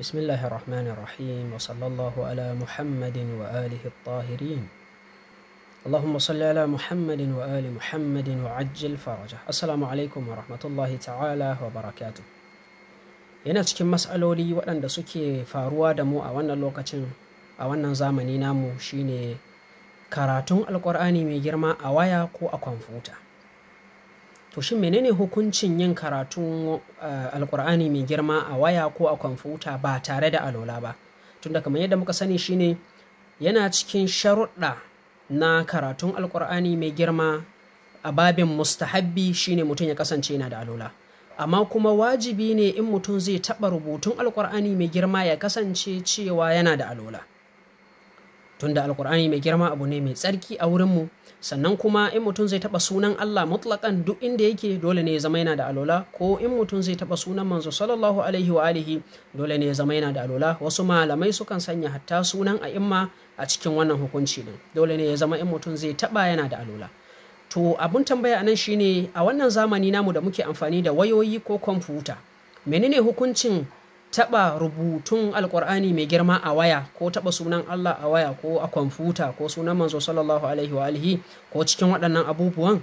بسم الله الرحمن الرحيم وصلى الله على محمد وآله الطاهرين اللهم صل على محمد وآل محمد وعجل فرجه السلام عليكم ورحمة الله تعالى وبركاته yana cikin matsaloli waɗanda suke faruwa da mu a wannan lokacin a wannan zamani namu shine karatun alkur'ani mai girma a waya ko a kwamfuta to shin menene hukuncin yin karatun eh, alkur'ani mai girma a waya ko a kwamfuta ba tare da alola ba tunda kamar yadda muka sani shine yana cikin sharuɗa na karatun alkur'ani mai girma a babin mustahabbi shine mutum ya kasance yana da alola amma kuma wajibi ne in mutum zai taɓa rubutun alkur'ani mai girma ya kasance cewa yana da alola tunda alkur'ani mai girma abu ne mai tsarki a wurinmu sannan kuma in mutum zai taba sunan Allah mutlakan duk inda yake dole ne ya zama yana da alola ko in mutum zai taba sunan manzo sallallahu alaihi wa alihi dole ne ya zama yana da alola wasu malamai sukan sanya hatta sunan a imma a cikin wannan hukunci din dole ne ya zama in mutum zai taba yana da alola to abun tambaya anan shine a wannan zamani namu da muke amfani da wayoyi ko kwamfuta menene hukuncin taɓa rubutun alkur'ani mai girma a waya ko taba sunan Allah a waya ko a kwamfuta ko sunan manzo sallallahu alaihi wa alihi ko cikin waɗannan abubuwan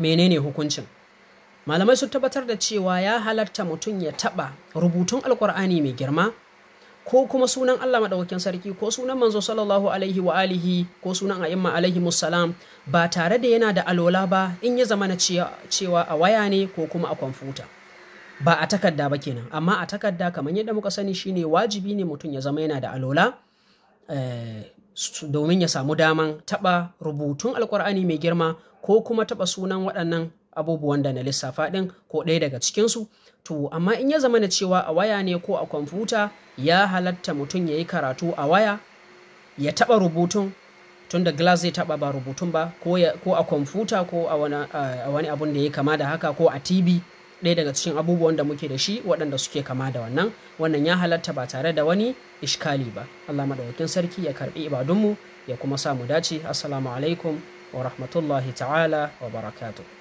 menene hukuncin malamai su tabbatar da cewa ya halarta mutum ya taɓa rubutun alkur'ani mai girma ko kuma sunan Allah maɗaukakin sarki ko sunan manzo sallallahu alaihi wa alihi ko sunan a'imma alaihi musallam ba tare da yana da alola ba in ya zama na cewa a waya ne ko kuma a kwamfuta. ba a takarda ba kenan amma a takarda kamar yadda muka sani shine wajibi ne mutum ya zama yana da alola eh, domin ya samu daman taba rubutun alkur'ani mai girma ko kuma taba sunan waɗannan abubuwan da na lissafa ɗin ko ɗaya daga cikinsu to amma in ya zama na cewa a waya ne ko a kwamfuta ya halatta mutum ya yi karatu a waya ya taba rubutun tun da glass zai taba ba rubutun ba ko a kwamfuta ko a wani abun da ya kama da haka ko a tv ɗaya daga cikin abubuwan da muke da shi waɗanda suke kama da wannan wannan ya halatta ba tare da wani ishkali ba Allah madaukakin sarki ya karɓi ibadunmu ya kuma samu dace assalamu alaikum wa rahmatullahi ta'ala wa barakatuh